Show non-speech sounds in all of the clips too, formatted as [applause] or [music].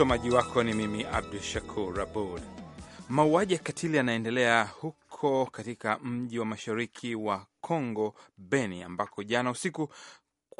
Msomaji wako ni mimi Abdu Shakur Abud. Mauaji ya katili yanaendelea huko katika mji wa mashariki wa Kongo, Beni, ambako jana usiku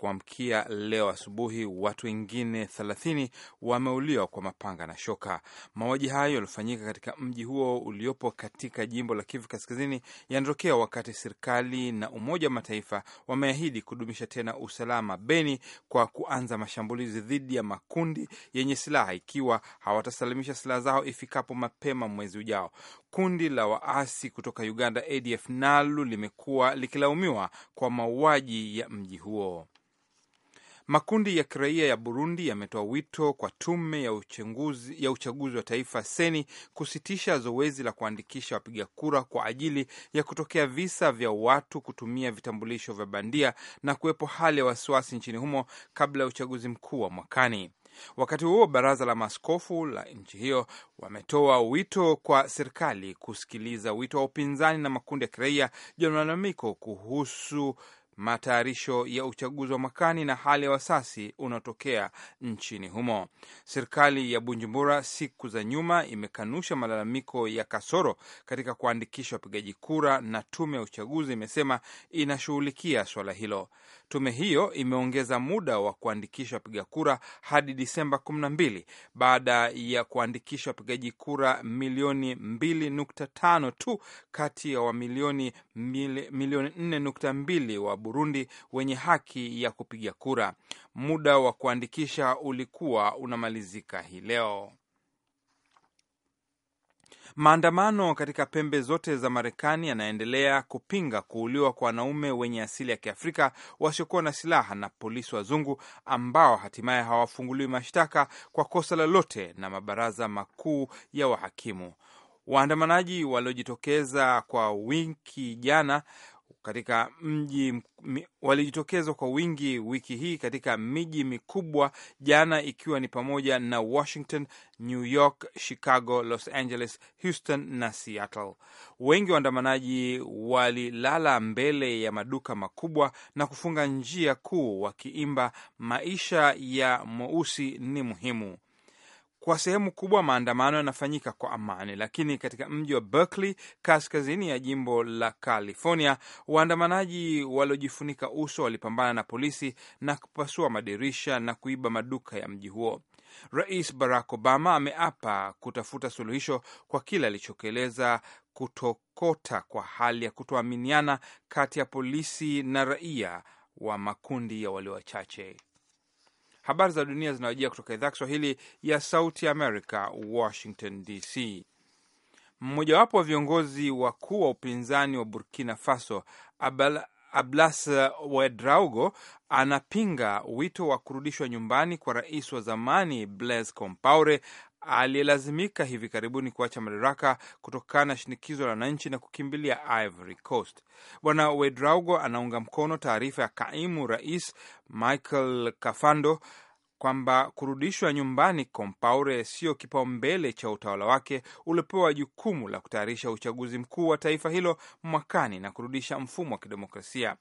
kuamkia leo asubuhi, watu wengine thelathini wameuliwa kwa mapanga na shoka. Mauaji hayo yalifanyika katika mji huo uliopo katika jimbo la Kivu Kaskazini, yanatokea wakati serikali na Umoja wa Mataifa wameahidi kudumisha tena usalama Beni kwa kuanza mashambulizi dhidi ya makundi yenye silaha ikiwa hawatasalimisha silaha zao ifikapo mapema mwezi ujao. Kundi la waasi kutoka Uganda ADF NALU limekuwa likilaumiwa kwa mauaji ya mji huo. Makundi ya kiraia ya Burundi yametoa wito kwa tume ya uchaguzi, ya uchaguzi wa taifa seni kusitisha zoezi la kuandikisha wapiga kura kwa ajili ya kutokea visa vya watu kutumia vitambulisho vya bandia na kuwepo hali ya wasiwasi nchini humo kabla ya uchaguzi mkuu wa mwakani. Wakati huo baraza la maaskofu la nchi hiyo wametoa wito kwa serikali kusikiliza wito wa upinzani na makundi ya kiraia ya malalamiko kuhusu matayarisho ya uchaguzi wa mwakani na hali ya wasasi unaotokea nchini humo. Serikali ya Bujumbura siku za nyuma imekanusha malalamiko ya kasoro katika kuandikisha wapigaji kura, na tume ya uchaguzi imesema inashughulikia suala hilo. Tume hiyo imeongeza muda wa kuandikisha wapiga kura hadi Disemba 12 baada ya kuandikisha wapigaji kura milioni 2.5 tu kati ya wa milioni 4.2 wa Burundi wenye haki ya kupiga kura. Muda wa kuandikisha ulikuwa unamalizika hii leo. Maandamano katika pembe zote za Marekani yanaendelea kupinga kuuliwa kwa wanaume wenye asili ya Kiafrika wasiokuwa na silaha na polisi wazungu ambao hatimaye hawafunguliwi mashtaka kwa kosa lolote na mabaraza makuu ya wahakimu. Waandamanaji waliojitokeza kwa wiki jana katika mji walijitokeza kwa wingi wiki hii katika miji mikubwa jana, ikiwa ni pamoja na Washington, New York, Chicago, Los Angeles, Houston na Seattle. Wengi waandamanaji walilala mbele ya maduka makubwa na kufunga njia kuu wakiimba maisha ya mweusi ni muhimu. Kwa sehemu kubwa maandamano yanafanyika kwa amani, lakini katika mji wa Berkeley kaskazini ya jimbo la California, waandamanaji waliojifunika uso walipambana na polisi na kupasua madirisha na kuiba maduka ya mji huo. Rais Barack Obama ameapa kutafuta suluhisho kwa kile alichokieleza kutokota kwa hali ya kutoaminiana kati ya polisi na raia wa makundi ya walio wachache. Habari za dunia zinawajia kutoka idhaa Kiswahili ya Sauti america Washington DC. Mmojawapo wa viongozi wakuu wa upinzani wa Burkina Faso Abel Ablas Wedraugo anapinga wito wa kurudishwa nyumbani kwa rais wa zamani Blaise Compaore aliyelazimika hivi karibuni kuacha madaraka kutokana na shinikizo la wananchi na kukimbilia Ivory Coast. Bwana Wedraugo anaunga mkono taarifa ya kaimu rais Michael Kafando kwamba kurudishwa nyumbani Compaore sio kipaumbele cha utawala wake uliopewa jukumu la kutayarisha uchaguzi mkuu wa taifa hilo mwakani na kurudisha mfumo wa kidemokrasia.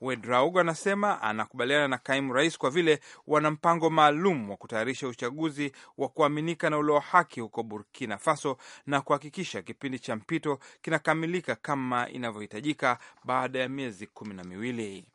Wedraug anasema anakubaliana na kaimu rais kwa vile wana mpango maalum wa kutayarisha uchaguzi wa kuaminika na ulio haki huko Burkina Faso na kuhakikisha kipindi cha mpito kinakamilika kama inavyohitajika baada ya miezi kumi na miwili.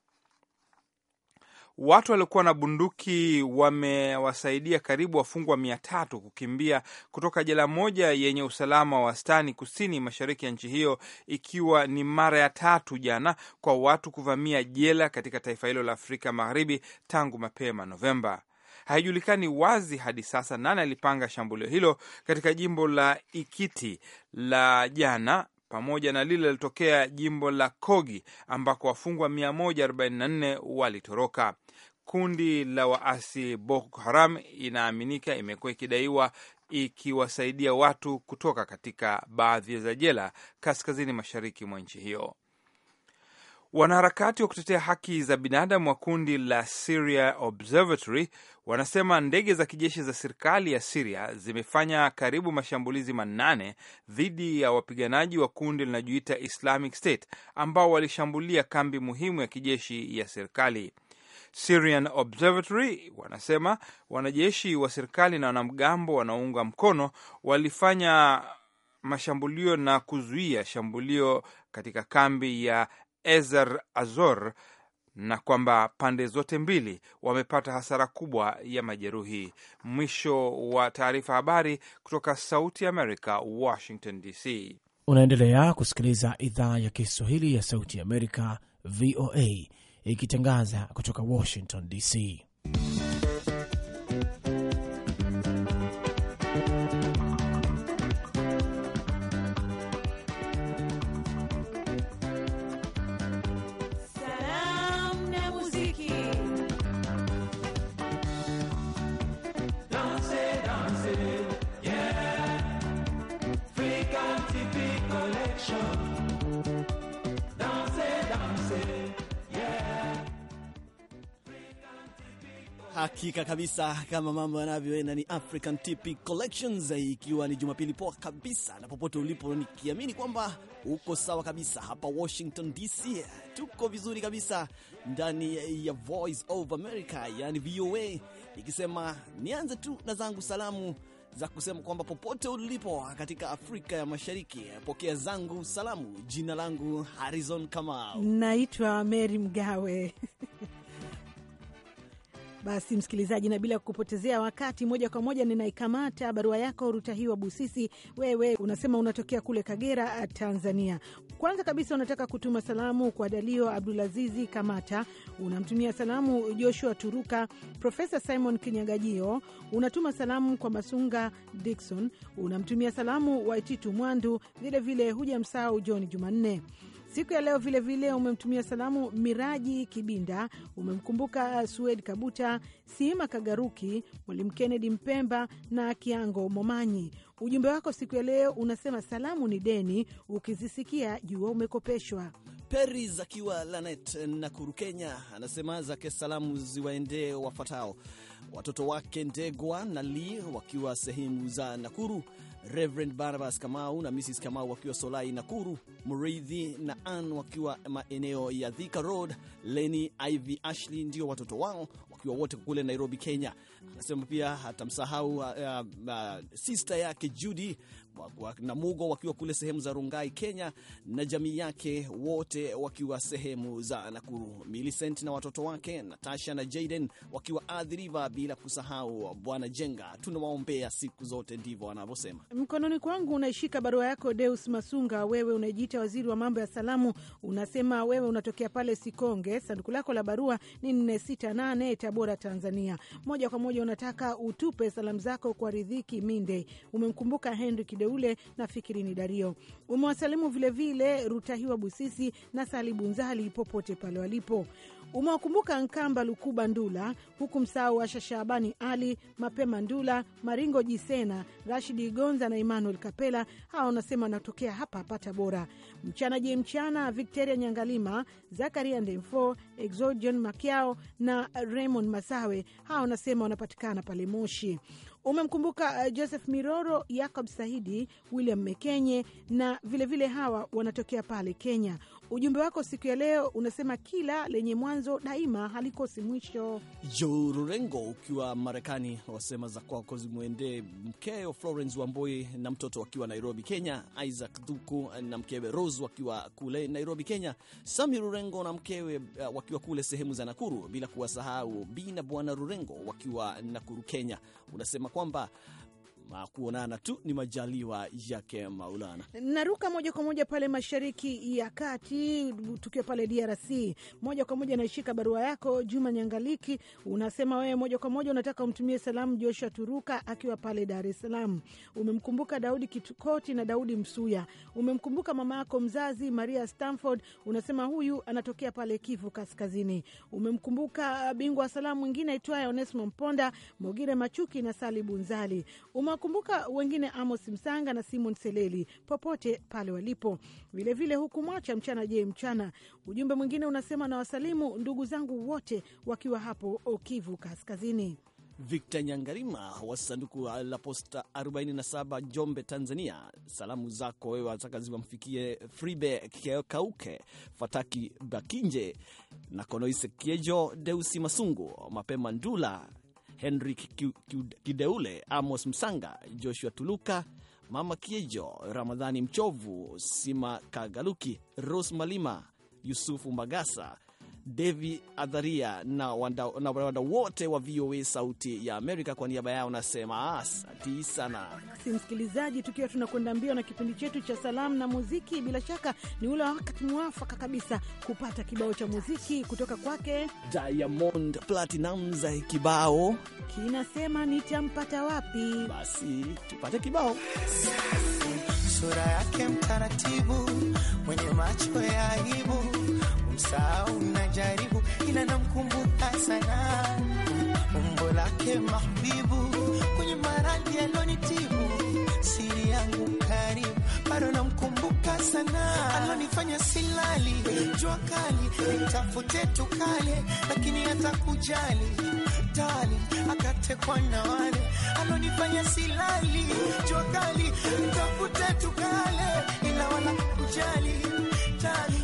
Watu waliokuwa na bunduki wamewasaidia karibu wafungwa mia tatu kukimbia kutoka jela moja yenye usalama wa wastani kusini mashariki ya nchi hiyo, ikiwa ni mara ya tatu jana kwa watu kuvamia jela katika taifa hilo la Afrika Magharibi tangu mapema Novemba. Haijulikani wazi hadi sasa nani alipanga shambulio hilo katika jimbo la Ikiti la jana pamoja na lile lilotokea jimbo la Kogi ambako wafungwa 144 walitoroka. Kundi la waasi Boko Haram inaaminika imekuwa ikidaiwa ikiwasaidia watu kutoka katika baadhi za jela kaskazini mashariki mwa nchi hiyo. Wanaharakati wa kutetea haki za binadamu wa kundi la Syria Observatory wanasema ndege za kijeshi za serikali ya Siria zimefanya karibu mashambulizi manane dhidi ya wapiganaji wa kundi linajuita Islamic State ambao walishambulia kambi muhimu ya kijeshi ya serikali. Syrian Observatory wanasema wanajeshi wa serikali na wanamgambo wanaounga mkono walifanya mashambulio na kuzuia shambulio katika kambi ya Ezer Azor na kwamba pande zote mbili wamepata hasara kubwa ya majeruhi. Mwisho wa taarifa. Habari kutoka Sauti Amerika, Washington DC. Unaendelea kusikiliza idhaa ya Kiswahili ya Sauti Amerika, VOA, ikitangaza kutoka Washington DC. Hakika kabisa, kama mambo yanavyoenda ni African TP Collections, ikiwa ni Jumapili poa kabisa na popote ulipo, nikiamini kwamba uko sawa kabisa. Hapa Washington DC tuko vizuri kabisa ndani ya Voice of America, yani VOA, ikisema nianze tu na zangu salamu za kusema kwamba popote ulipo katika Afrika ya Mashariki, pokea zangu salamu. Jina langu Harrison Kamau, naitwa Mary Mgawe [laughs] Basi msikilizaji, na bila kupotezea wakati, moja kwa moja ninaikamata barua yako Ruta Busisi. Wewe unasema unatokea kule Kagera, Tanzania. Kwanza kabisa unataka kutuma salamu kwa Dalio Abdulazizi Kamata, unamtumia salamu Joshua Turuka, Profesa Simon Kinyagajio, unatuma salamu kwa Masunga Dikson, unamtumia salamu Waititu Mwandu, vilevile huja msahau John Jumanne Siku ya leo vilevile vile umemtumia salamu Miraji Kibinda, umemkumbuka Sued Kabuta, Siima Kagaruki, Mwalimu kennedi Mpemba na Kiango Momanyi. Ujumbe wako siku ya leo unasema salamu ni deni, ukizisikia jua umekopeshwa. Peris akiwa Lanet Nakuru, Kenya, anasema zake salamu ziwaendee wafuatao: watoto wake Ndegwa na Li wakiwa sehemu za Nakuru, Reverend Barnabas Kamau na Mrs Kamau wakiwa Solai Nakuru, Murithi na Ann wakiwa maeneo ya Thika Road, Leni Ivy Ashley ndio watoto wao wakiwa wote kule Nairobi, Kenya. Anasema pia hatamsahau uh, uh, uh sister yake Judy Namugo wakiwa kule sehemu za Rungai, Kenya, na jamii yake wote wakiwa sehemu za Nakuru, Millicent na watoto wake Natasha na Jaden wakiwa Athi River, bila kusahau Bwana Jenga. Tunawaombea siku zote, ndivyo wanavyosema. Mkononi kwangu unaishika barua yako Deus Masunga. Wewe unajiita waziri wa mambo ya salamu, unasema wewe unatokea pale Sikonge. Sanduku lako la barua ni 468 Tabora, Tanzania. Moja kwa moja unataka utupe salamu zako kwa Ridhiki Minde, umemkumbuka Henry Mdeule na Fikirini Dario. Umewasalimu vilevile Rutahiwa Busisi na Salibu Nzali popote pale walipo. Umewakumbuka Nkamba Lukuba Ndula, huku msahau Asha Shaabani Ali Mapema Ndula, Maringo Jisena, Rashidi Gonza na Emmanuel Kapela. Hawa wanasema wanatokea hapa hapa Tabora. Mchana je mchana, Victoria Nyangalima, Zakaria Ndemfo, Exodion Makiao na Raymond Masawe. Hawa wanasema wanapatikana pale Moshi umemkumbuka uh, Joseph Miroro, yacob Sahidi, William Mekenye na vilevile vile hawa wanatokea pale Kenya. Ujumbe wako siku ya leo unasema kila lenye mwanzo daima halikosi mwisho. Jo Rurengo ukiwa Marekani wasema za kwako zimwendee mkeo Florence Wamboi na mtoto wakiwa Nairobi, Kenya, Isaac dhuku na mkewe Rose wakiwa kule Nairobi, Kenya, Sami Rurengo na mkewe uh, wakiwa kule sehemu za Nakuru, bila kuwasahau Bi na Bwana Rurengo wakiwa Nakuru, Kenya. Unasema kwamba kuonana tu ni majaliwa yake Maulana. Naruka moja kwa moja pale mashariki ya kati, tukiwa pale DRC moja kwa moja. Naishika barua yako Juma Nyangaliki, unasema wewe moja kwa moja unataka umtumie salamu Joshua Turuka akiwa pale Dar es Salaam. Umemkumbuka Daudi Kitukoti na Daudi Msuya, umemkumbuka mama yako mzazi Maria Stanford, unasema huyu anatokea pale Kivu Kaskazini. Umemkumbuka uh, bingwa wa salamu mwingine aitwaye Onesimo Mponda, Mogire Machuki na Sali Bunzali. Ume Tunawakumbuka wengine Amos Msanga na Simon Seleli popote pale walipo, vilevile huku mwacha mchana. Je, mchana ujumbe mwingine unasema, na wasalimu ndugu zangu wote wakiwa hapo Okivu Kaskazini. Victor Nyangarima wa sanduku la posta 47 Njombe, Tanzania, salamu zako wewe wataka ziwamfikie Fribe Kauke, Fataki Bakinje na Konoise Kiejo, Deusi Masungu, Mapema Ndula Henrik Kideule, Amos Msanga, Joshua Tuluka, Mama Kiejo, Ramadhani Mchovu, Sima Kagaluki, Rose Malima, Yusufu Magasa, Devi Adharia na wanda, na wanda wote wa VOA Sauti ya Amerika. Kwa niaba yao nasema asanti sana. Basi msikilizaji, tukiwa tunakwenda mbio na kipindi chetu cha salamu na muziki, bila shaka ni ule wakati mwafaka kabisa kupata kibao cha muziki kutoka kwake Diamond Platinumz. Kibao kinasema nitampata wapi? Basi tupate kibao sura yake mtaratibu, mwenye macho ya aibu kumsahau najaribu, ila namkumbuka sana umbo lake mahbibu, kwenye maradhi alonitibu, siri yangu karibu, bado namkumbuka sana, alonifanya silali, jua kali nitafute tukale, lakini hata kujali tali akatekwa na wale alonifanya silali, jua kali nitafute tukale, ila wala kujali tali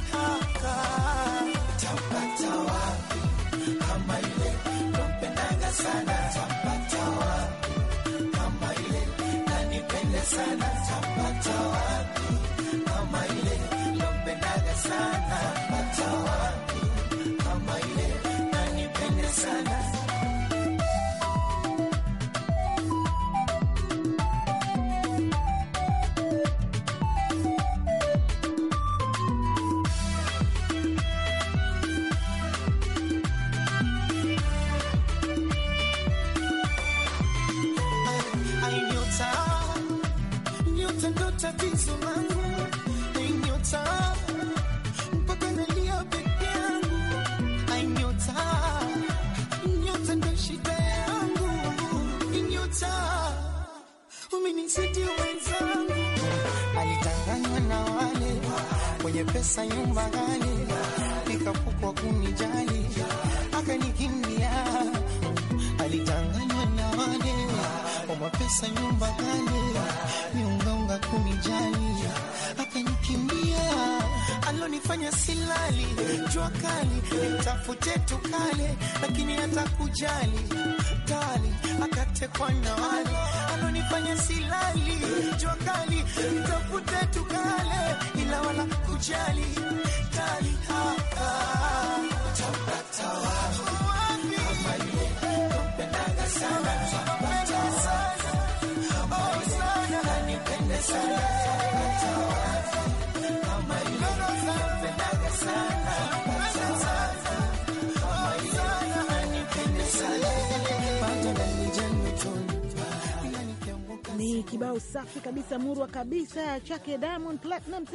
mwenye pesa nyumba gani, nikakukwa kunijali akanikimbia, alitanganywa na wane oma pesa nyumba gani, niungaunga kunijali akanikimbia, alonifanya silali, jua kali nitafute tukale, lakini hata kujali tali akatekwa na wale alonifanya silali, jua kali nitafute tukale bila wala kujali kali ni kibao safi kabisa murwa kabisa chake Diamond Platnumz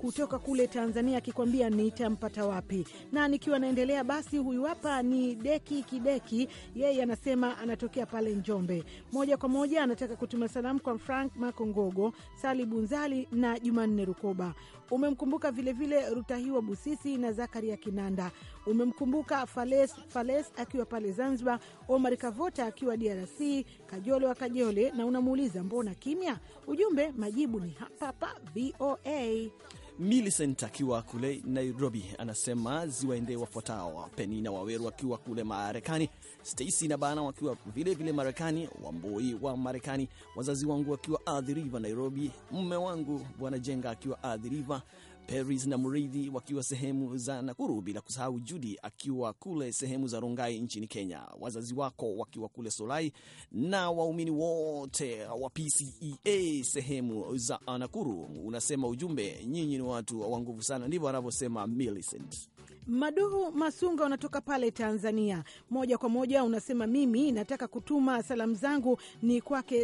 kutoka kule Tanzania akikwambia nitampata wapi. Na nikiwa naendelea basi, huyu hapa ni Deki Kideki, yeye anasema anatokea pale Njombe. Moja kwa moja anataka kutuma salamu kwa Frank Makongogo, Sali Bunzali na Jumanne Rukoba. Umemkumbuka vilevile Rutahiwa Busisi na Zakaria Kinanda Umemkumbuka Fales, Fales akiwa pale Zanzibar, Omar Kavota akiwa DRC, Kajole wa Kajole, na unamuuliza mbona kimya? Ujumbe majibu ni hapa hapa VOA. Milicent akiwa kule Nairobi anasema ziwaendee wafuatao: Penina Waweru akiwa kule Marekani, Stacy na Bana wakiwa vilevile Marekani, Wamboi wa Marekani, wazazi wangu wakiwa Athi River Nairobi, mme wangu Bwana Jenga akiwa Athi River, Peris na Mridhi wakiwa sehemu za Nakuru, bila kusahau Judi akiwa kule sehemu za Rongai nchini Kenya, wazazi wako wakiwa kule Solai na waumini wote wa PCEA sehemu za Nakuru. Unasema ujumbe, nyinyi ni watu wa nguvu sana, ndivyo anavyosema Millicent. Maduhu Masunga, unatoka pale Tanzania, moja kwa moja unasema, mimi nataka kutuma salamu zangu ni kwake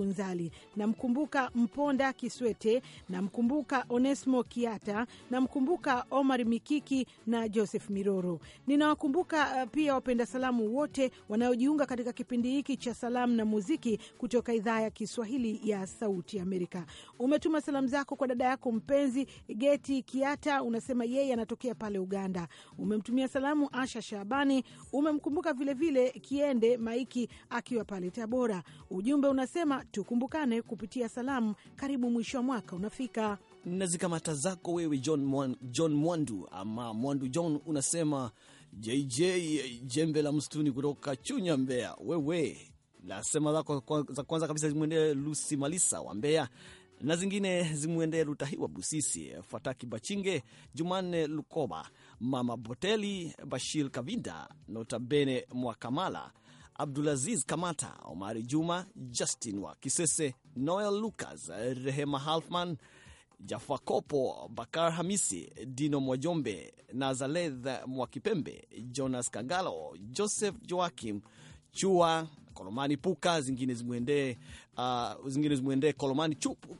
nzali namkumbuka Mponda Kiswete, namkumbuka Onesmo Kiata, namkumbuka Omar Mikiki na Joseph Miroro. Ninawakumbuka uh, pia wapenda salamu wote wanaojiunga katika kipindi hiki cha salamu na muziki kutoka idhaa ya Kiswahili ya Sauti Amerika. Umetuma salamu zako kwa dada yako mpenzi Geti Kiata, unasema yeye anatokea pale Uganda umemtumia salamu Asha Shabani, umemkumbuka vilevile Kiende Maiki akiwa pale Tabora. Ujumbe unasema tukumbukane kupitia salamu, karibu mwisho wa mwaka unafika na zikamata zako wewe John, Mwan, John Mwandu ama Mwandu John unasema JJ jembe la mstuni kutoka Chunya, Mbeya. Wewe la sema zako za kwanza kabisa zimwendee Lusi Malisa wa Mbeya, na zingine zimwendee Lutahiwa Busisi, Fataki Bachinge, Jumanne Lukoba, Mama Boteli, Bashir Kavinda, Notabene Mwakamala, Abdulaziz Kamata, Omari Juma, Justin wa Kisese, Noel Lucas, Rehema Halfman, Jafa Kopo, Bakar Hamisi, Dino Mwajombe, Nazaleth Mwakipembe, Jonas Kangalo, Joseph Joakim Chua, Kolomani Puka, zingine zimwendee uh, zingine zimwendee Kolomani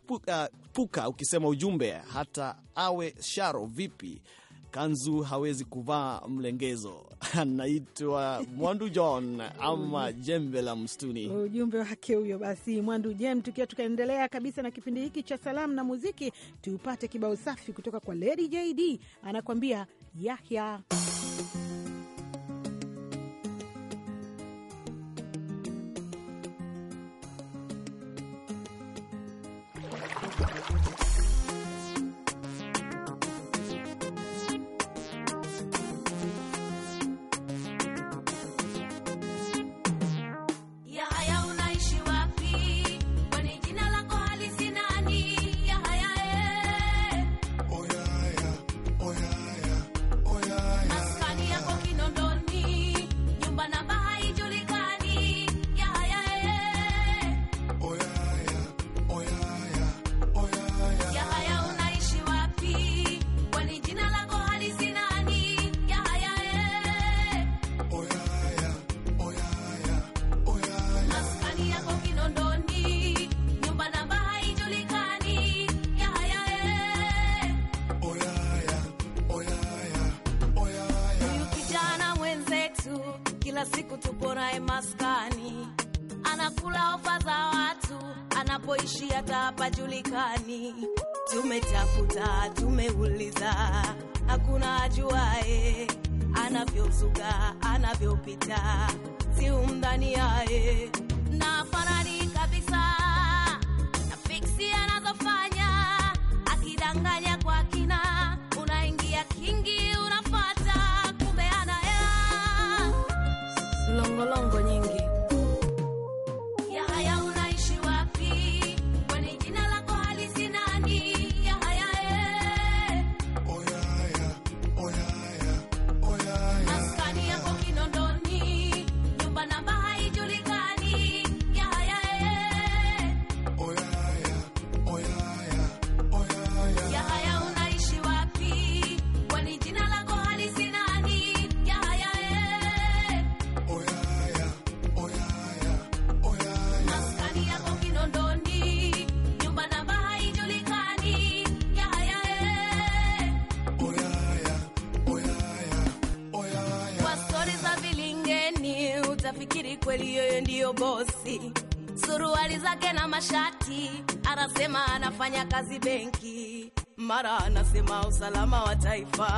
puka, ah, puka ukisema ujumbe hata awe sharo vipi kanzu hawezi kuvaa mlengezo. [laughs] Anaitwa Mwandu John ama jembe la mstuni, ujumbe wake huyo. Basi Mwandu Jem, tukiwa tukaendelea kabisa na kipindi hiki cha salamu na muziki, tupate kibao safi kutoka kwa Lady JD anakuambia Yahya. maskani, anakula ofa za watu, anapoishi hata hapajulikani. Tumetafuta, tumeuliza, hakuna ajuae anavyozuga, anavyopita, si umdhaniaye na ndio bosi, suruali zake na mashati, anasema anafanya kazi benki, mara anasema usalama wa taifa,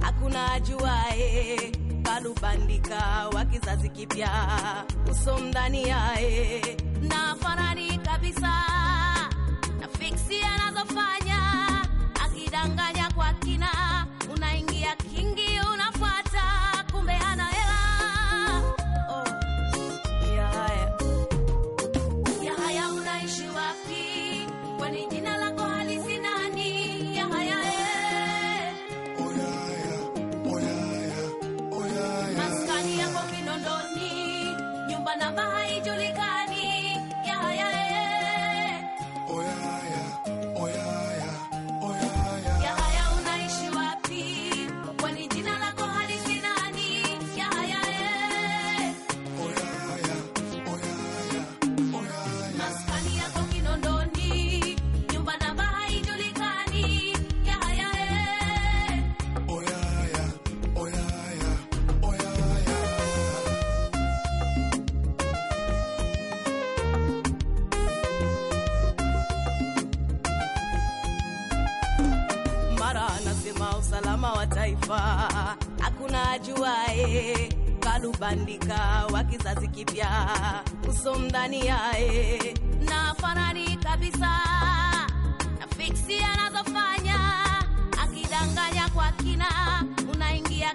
hakuna ajuae. Kalubandika wa kizazi kipya, uso mdani yae na farani barabara, anasema usalama wa taifa hakuna ajuae, kalubandika wa kizazi kipya usomdhani yae na farani kabisa na fiksi anazofanya akidanganya kwa kina unaingia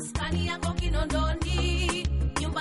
maskani yako Kinondoni, nyumba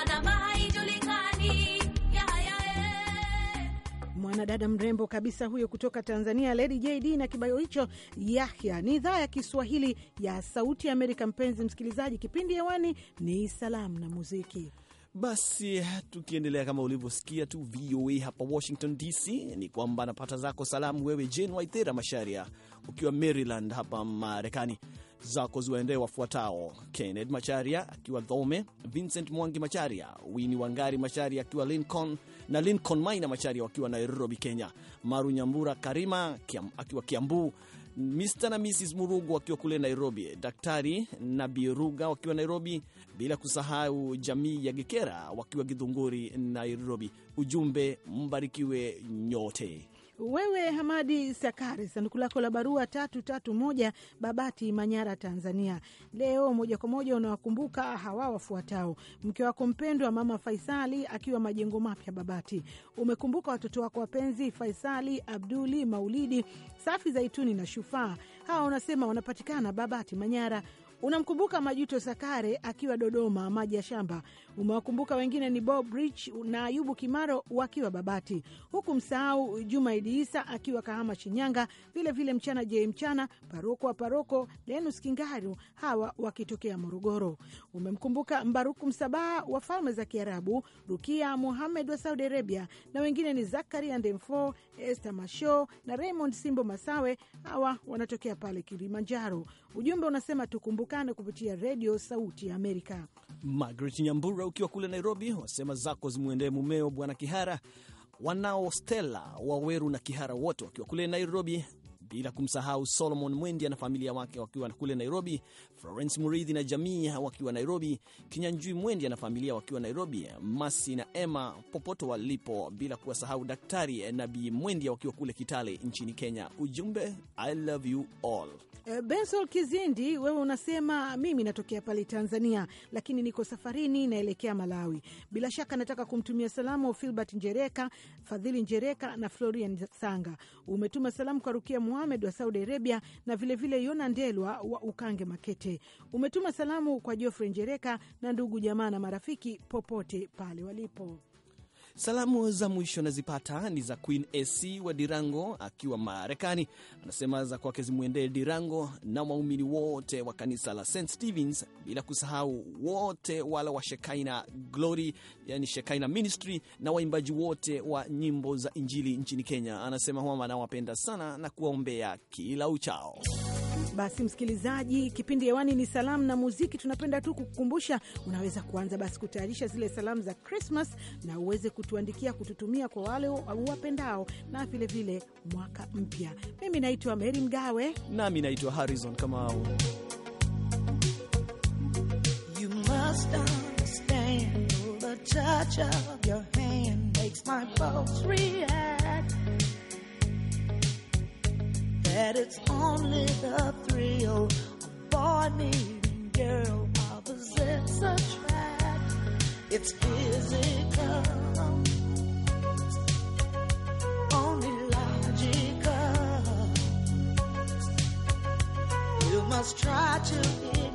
Mwanadada mrembo kabisa huyo kutoka Tanzania, Lady JD na kibayo hicho Yahya. Ni idhaa ya Kiswahili ya Sauti ya Amerika. Mpenzi msikilizaji, kipindi hewani ni salamu na muziki. Basi tukiendelea kama ulivyosikia tu VOA hapa Washington DC, ni kwamba napata zako salamu wewe Jane Waithera Masharia, ukiwa Maryland hapa Marekani zako ziwaendee wafuatao: Kenneth Macharia akiwa Dhome, Vincent Mwangi Macharia, Wini Wangari Macharia akiwa Lincoln na Lincoln Maina Macharia wakiwa Nairobi, Kenya, Maru Nyambura Karima kiam, akiwa Kiambu, Mr na Mrs Murugu wakiwa kule Nairobi, Daktari na Biruga wakiwa Nairobi, bila kusahau jamii ya Gikera wakiwa Githunguri, Nairobi. Ujumbe, mbarikiwe nyote. Wewe Hamadi Sakari, sanduku lako la barua tatu tatu moja, Babati, Manyara, Tanzania. Leo moja kwa moja unawakumbuka hawa wafuatao: mke wako mpendwa Mama Faisali akiwa Majengo Mapya, Babati. Umekumbuka watoto wako wapenzi Faisali, Abduli, Maulidi, Safi, Zaituni na Shufaa. Hawa unasema wanapatikana Babati, Manyara. Unamkumbuka Majuto Sakare akiwa Dodoma maji ya shamba. Umewakumbuka wengine ni Bob Rich na Ayubu Kimaro wakiwa Babati, huku msahau Juma Idi Isa akiwa Kahama, Shinyanga. Vilevile vile mchana je mchana, paroko wa paroko Denus Kingaru, hawa wakitokea Morogoro. Umemkumbuka Mbaruku Msabaha wa Falme za Kiarabu, Rukia Muhamed wa Saudi Arabia na wengine ni Zakaria Ndemfo, Esther Masho na Raymond Simbo Masawe, hawa wanatokea pale Kilimanjaro. Ujumbe unasema tukumbukane kupitia redio Sauti ya Amerika. Margaret Nyambura ukiwa kule Nairobi, wasema zako zimwendee mumeo Bwana Kihara, wanao Stella Waweru na Kihara wote wakiwa kule Nairobi, bila kumsahau Solomon Mwendi na familia wake wakiwa kule Nairobi, Florence Muridhi na jamii wakiwa Nairobi, Kinyanjui Mwendi na familia wakiwa Nairobi, Masi na Emma popote walipo, bila kuwasahau Daktari Nabi Mwendi wakiwa kule Kitale nchini Kenya. Ujumbe I love you all. Eh, Benson Kizindi, wewe unasema mimi natokea pale Tanzania, lakini niko safarini naelekea Malawi. Bila shaka nataka kumtumia salamu Filbert Njereka, Fadhili Njereka na Florian Sanga. Umetuma salamu kwa Rukia Mwa Mohamed wa Saudi Arabia na vilevile vile Yona Ndelwa wa Ukange Makete. Umetuma salamu kwa Jofre Njereka na ndugu jamaa na marafiki popote pale walipo. Salamu za mwisho nazipata ni za Queen AC wa Dirango akiwa Marekani. Anasema za kwake zimwendee Dirango na waumini wote wa kanisa la St Stevens, bila kusahau wote wala wa Shekaina Glory, yani Shekaina Ministry na waimbaji wote wa nyimbo za Injili nchini Kenya. Anasema kwamba anawapenda sana na kuwaombea kila uchao. Basi msikilizaji, kipindi hewani ni salamu na muziki. Tunapenda tu kukukumbusha, unaweza kuanza basi kutayarisha zile salamu za Krismas na uweze kutuandikia, kututumia kwa wale uwapendao na vilevile mwaka mpya. Mimi naitwa Meri Mgawe nami naitwa harizon Kamau. the touch of your hand makes my pulse react that it's only the thrill of boy meeting girl opposites attract. It's physical, only logical. You must try to.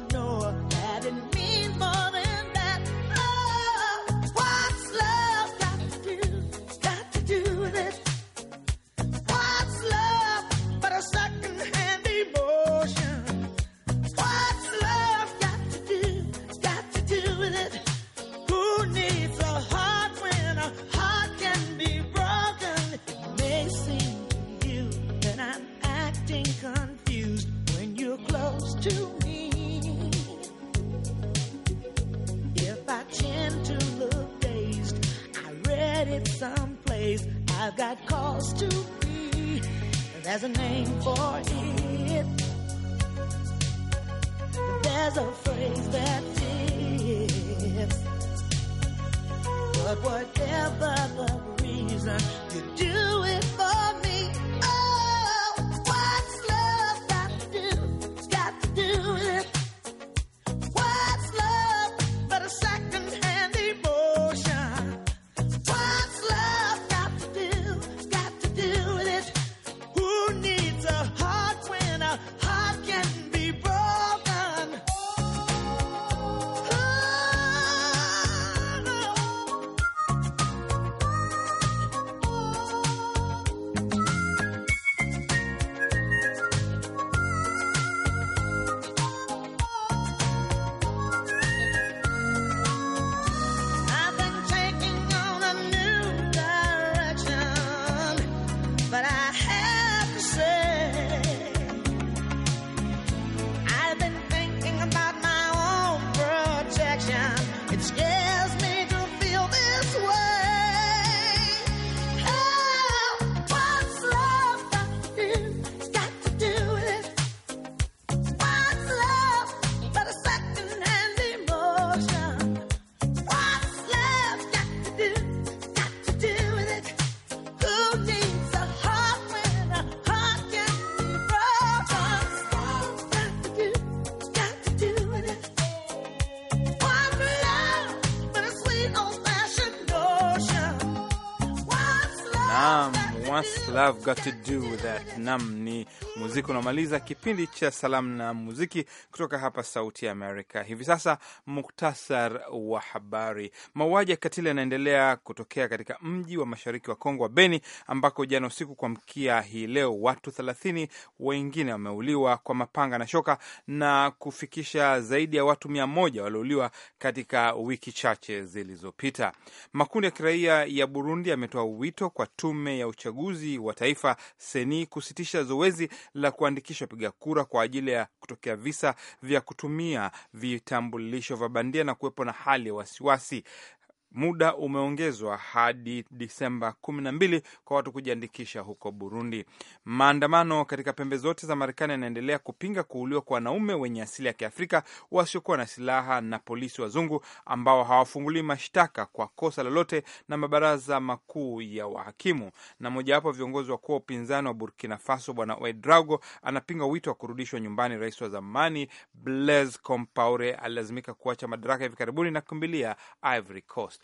love got to do with that? Namni muziki unamaliza kipindi cha salamu na muziki kutoka hapa Sauti ya Amerika. Hivi sasa muktasar wa habari. Mauaji ya katili yanaendelea kutokea katika mji wa mashariki wa Kongo wa Beni, ambako jana usiku kuamkia hii leo watu thelathini wengine wameuliwa kwa mapanga na shoka na kufikisha zaidi ya watu mia moja waliouliwa katika wiki chache zilizopita. Makundi ya kiraia ya Burundi yametoa wito kwa tume ya uchaguzi wa taifa seni kusitisha zoezi la kuandikisha wapiga kura kwa ajili ya kutokea visa vya kutumia vitambulisho vya bandia na kuwepo na hali ya wasiwasi muda umeongezwa hadi Disemba kumi na mbili kwa watu kujiandikisha huko Burundi. Maandamano katika pembe zote za Marekani yanaendelea kupinga kuuliwa kwa wanaume wenye asili ya Kiafrika wasiokuwa na silaha na polisi wazungu ambao hawafungulii mashtaka kwa kosa lolote na mabaraza makuu ya wahakimu. Na mojawapo viongozi wakuu wa upinzani wa Burkina Faso Bwana wedrago anapinga wito wa kurudishwa nyumbani rais wa zamani Blaise Compaore alilazimika kuacha madaraka hivi karibuni na kukimbilia Ivory Coast.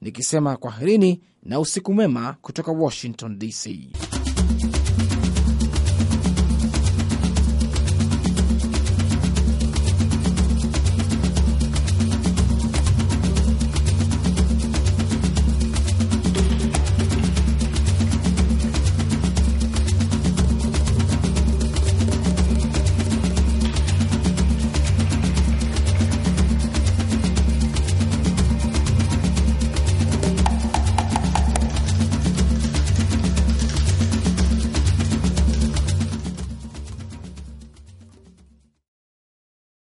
nikisema kwaherini na usiku mwema kutoka Washington DC.